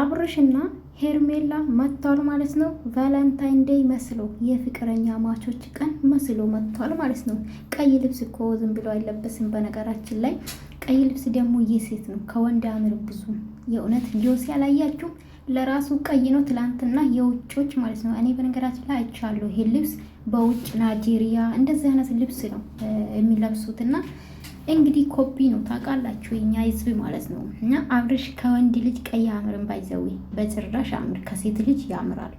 አብርሽና ሄርሜላ መጥቷል ማለት ነው። ቫለንታይን ዴይ መስሎ የፍቅረኛ ማቾች ቀን መስሎ መጥቷል ማለት ነው። ቀይ ልብስ እኮ ዝም ብሎ አይለበስም። በነገራችን ላይ ቀይ ልብስ ደግሞ የሴት ነው፣ ከወንድ አምር ብዙ የእውነት ጆሲ ያላያችሁ ለራሱ ቀይ ነው። ትላንትና የውጮች ማለት ነው። እኔ በነገራችን ላይ አይቻለሁ። ይሄ ልብስ በውጭ ናይጄሪያ እንደዚህ አይነት ልብስ ነው የሚለብሱትና እንግዲህ ኮፒ ነው ታውቃላችሁ፣ የኛ ህዝብ ማለት ነው። እና አብርሽ ከወንድ ልጅ ቀይ አምርን ባይዘዊ በጭራሽ አምር ከሴት ልጅ ያምራል፣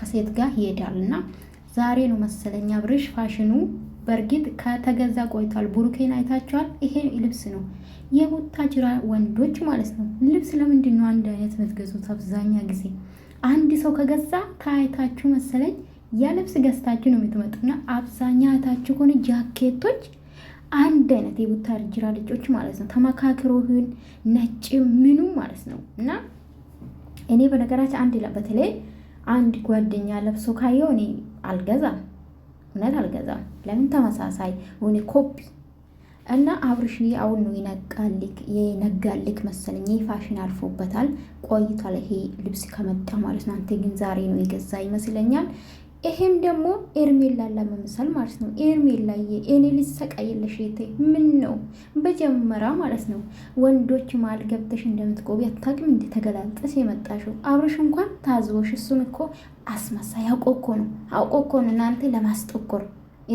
ከሴት ጋር ይሄዳል። እና ዛሬ ነው መሰለኝ አብርሽ ፋሽኑ በእርግጥ ከተገዛ ቆይቷል። ቡሩኬን አይታችኋል? ይሄ ልብስ ነው ጅራ ወንዶች ማለት ነው። ልብስ ለምንድን ነው አንድ አይነት የምትገዙት? አብዛኛ ጊዜ አንድ ሰው ከገዛ ከአይታችሁ መሰለኝ ያ ልብስ ገዝታችሁ ነው የምትመጡና አብዛኛ አይታችሁ ከሆነ ጃኬቶች አንድ አይነት የቡታጅራ ልጆች ማለት ነው። ተመካክሮህን ነጭ ምኑ ማለት ነው። እና እኔ በነገራችን አንድ በተለይ አንድ ጓደኛ ለብሶ ካየው እኔ አልገዛም፣ እውነት አልገዛም። ለምን ተመሳሳይ ሆነ ኮፒ እና አብርሽ አሁን ነው ይነቃልክ የነጋልክ መሰለኝ ፋሽን አልፎበታል ቆይቷል፣ ይሄ ልብስ ከመጣ ማለት ነው። አንተ ግን ዛሬ ነው የገዛ ይመስለኛል። ይሄም ደግሞ ኤርሜላ ለመምሰል ማለት ነው። ኤርሜላ ኤርሜላዬ ልጅ ልሰቃይልሽ እቴ ምን ነው በጀመራ ማለት ነው። ወንዶች ማል ገብተሽ እንደምትቆቢ አታውቂም። እንደተገላልጠሽ የመጣሽው አብረሽ እንኳን ታዝቦሽ፣ እሱን እኮ አስመሳይ አውቆ እኮ ነው አውቆ እኮ ነው እናንተ ለማስጠቆር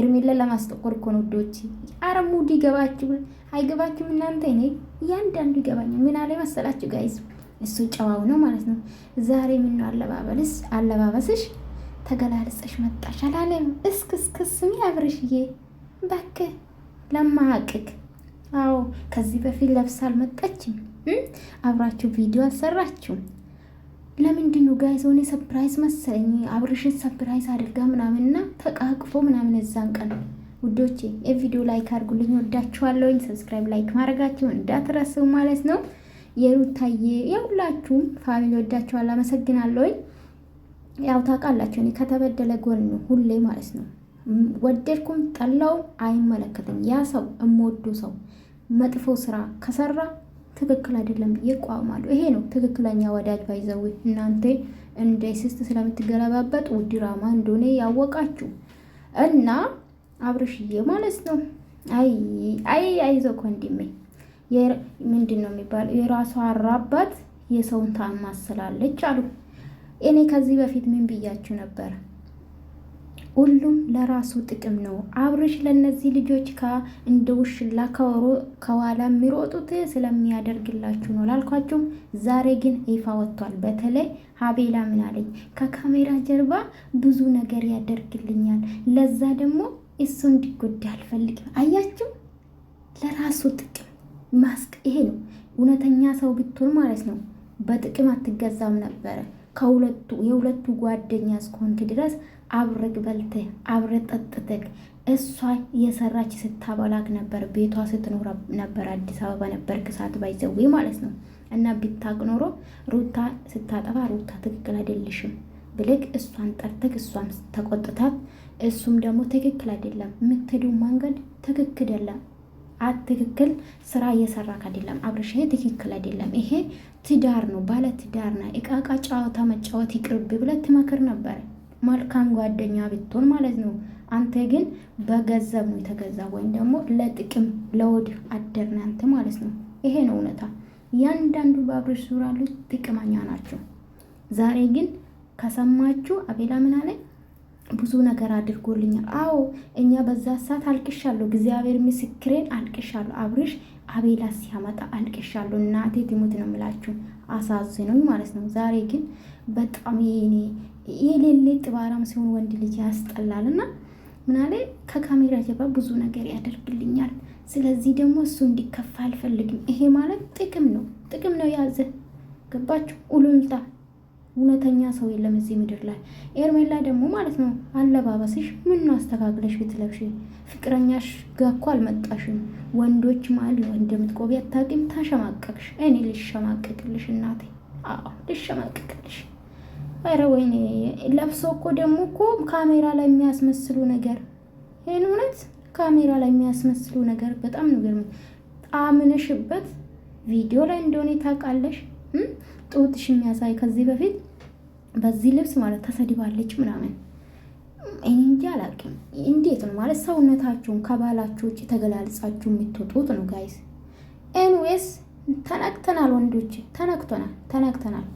ኤርሜላ ለማስጠቆር እኮ ነው። ዶች አረሙድ ይገባችሁ አይገባችሁም እናንተ። እኔ እያንዳንዱ ይገባኛል። ምን አለ መሰላችሁ ጋይዝ፣ እሱ ጨዋው ነው ማለት ነው። ዛሬ ምን ነው አለባበልስ አለባበስሽ ተገላልጸሽ መጣሽ አላለም? እስክስክስ ሚ አብርሽዬ እባክህ ለማቅቅ። አዎ ከዚህ በፊት ለብሳ አልመጣችም። አብራችሁ ቪዲዮ አሰራችሁ። ለምንድኑ ጋይዝ ሆኔ ሰፕራይዝ መሰለኝ አብርሽን ሰፕራይዝ አድርጋ ምናምንና ተቃቅፎ ምናምን እዛን ቀን ውዶቼ የቪዲዮ ላይክ አድርጉልኝ። ወዳችኋለሁኝ። ሰብስክራይብ ላይክ ማድረጋችሁ እንዳትረሱ ማለት ነው። የሩታዬ የሁላችሁም ፋሚሊ ወዳችኋል። አመሰግናለሁኝ። ያው ታውቃላችሁ እኔ ከተበደለ ጎን ነው ሁሌ ማለት ነው። ወደድኩም ጠላውም አይመለከትም። ያ ሰው እምወዱ ሰው መጥፎ ስራ ከሰራ ትክክል አይደለም ብዬ እቋማለሁ። ይሄ ነው ትክክለኛ ወዳጅ ባይዘዊ። እናንተ እንደ ስስት ስለምትገለባበጡ ድራማ እንደሆነ ያወቃችሁ እና አብርሽዬ ማለት ነው። አይ አይ አይዞህ ወንድሜ፣ ምንድን ነው የሚባለው? የራሷ አራባት የሰውን ታማስላለች አሉ እኔ ከዚህ በፊት ምን ብያችሁ ነበር? ሁሉም ለራሱ ጥቅም ነው። አብርሽ ለእነዚህ ልጆች እንደ ውሽላ ከኋላ የሚሮጡት ስለሚያደርግላችሁ ነው ላልኳችሁም፣ ዛሬ ግን ይፋ ወጥቷል። በተለይ ሀቤላ ምን አለኝ? ከካሜራ ጀርባ ብዙ ነገር ያደርግልኛል፣ ለዛ ደግሞ እሱ እንዲጎዳ አልፈልግም። አያችሁ፣ ለራሱ ጥቅም ማስቅ ይሄ ነው። እውነተኛ ሰው ብትሆን ማለት ነው በጥቅም አትገዛም ነበረ ከሁለቱ የሁለቱ ጓደኛ እስከሆንክ ድረስ አብረግ በልተ አብረ ጠጥተክ እሷ የሰራች ስታበላክ ነበር። ቤቷ ስትኖር ነበር። አዲስ አበባ ነበር ክሳት ባይዘዊ ማለት ነው። እና ቢታቅ ኖሮ ሩታ ስታጠፋ ሩታ ትክክል አይደለሽም ብልክ እሷን ጠርተክ እሷም ተቆጥታት እሱም ደግሞ ትክክል አይደለም የምትሄዱ መንገድ ትክክል አይደለም አትክክል ስራ እየሰራ አይደለም አብርሽ፣ ይሄ ትክክል አይደለም። ይሄ ትዳር ነው፣ ባለ ትዳር ነው። እቃቃ ጨዋታ መጫወት ይቅርብ ብለህ ትመክር ነበር። መልካም ጓደኛ ብትሆን ማለት ነው። አንተ ግን በገንዘብ ነው የተገዛ ወይም ደግሞ ለጥቅም ለወድ አደርን አንተ ማለት ነው። ይሄ ነው እውነታ። ያንዳንዱ በአብርሽ ዙራሉ ጥቅመኛ ናቸው። ዛሬ ግን ከሰማችሁ አቤላ ምን አለኝ? ብዙ ነገር አድርጎልኛል። አዎ እኛ በዛ ሰዓት አልቅሻለሁ፣ እግዚአብሔር ምስክሬን አልቅሻለሁ። አብርሽ አቤላ ሲያመጣ አልቅሻለሁ። እናቴ ትሙት ነው የምላችሁ፣ አሳዝኖኝ ማለት ነው። ዛሬ ግን በጣም ይኔ የሌለ ጥባራም ሲሆን ወንድ ልጅ ያስጠላል። እና ምናሌ ከካሜራ ጀርባ ብዙ ነገር ያደርግልኛል። ስለዚህ ደግሞ እሱ እንዲከፋ አልፈልግም። ይሄ ማለት ጥቅም ነው፣ ጥቅም ነው ያዘ። ገባችሁ? ኡሉልታ እውነተኛ ሰው የለም እዚህ ምድር ላይ። ኤርሜላ ደግሞ ማለት ነው አለባበስሽ ምን አስተካክለሽ ብትለብሽ ፍቅረኛሽ ጋር እኮ አልመጣሽም። ወንዶች ማለት ነው እንደምትቆቢ አታውቂም። ታሸማቀቅሽ። እኔ ልሸማቀቅልሽ እናቴ፣ አዎ ልሸማቀቅልሽ። ኧረ ወይኔ! ለብሶ እኮ ደግሞ እኮ ካሜራ ላይ የሚያስመስሉ ነገር፣ ይህን እውነት ካሜራ ላይ የሚያስመስሉ ነገር በጣም ነገር ገርሞኝ። አምነሽበት ቪዲዮ ላይ እንደሆነ ታውቃለሽ ጡትሽ የሚያሳይ ከዚህ በፊት በዚህ ልብስ ማለት ተሰድባለች ምናምን እኔ እንጂ አላውቅም። እንዴት ነው ማለት ሰውነታችሁን ከባላችሁ ውጭ ተገላልጻችሁ የምትወጡት ነው ጋይስ። ኤንዌስ ተነክተናል፣ ወንዶች ተነክተናል፣ ተነክተናል።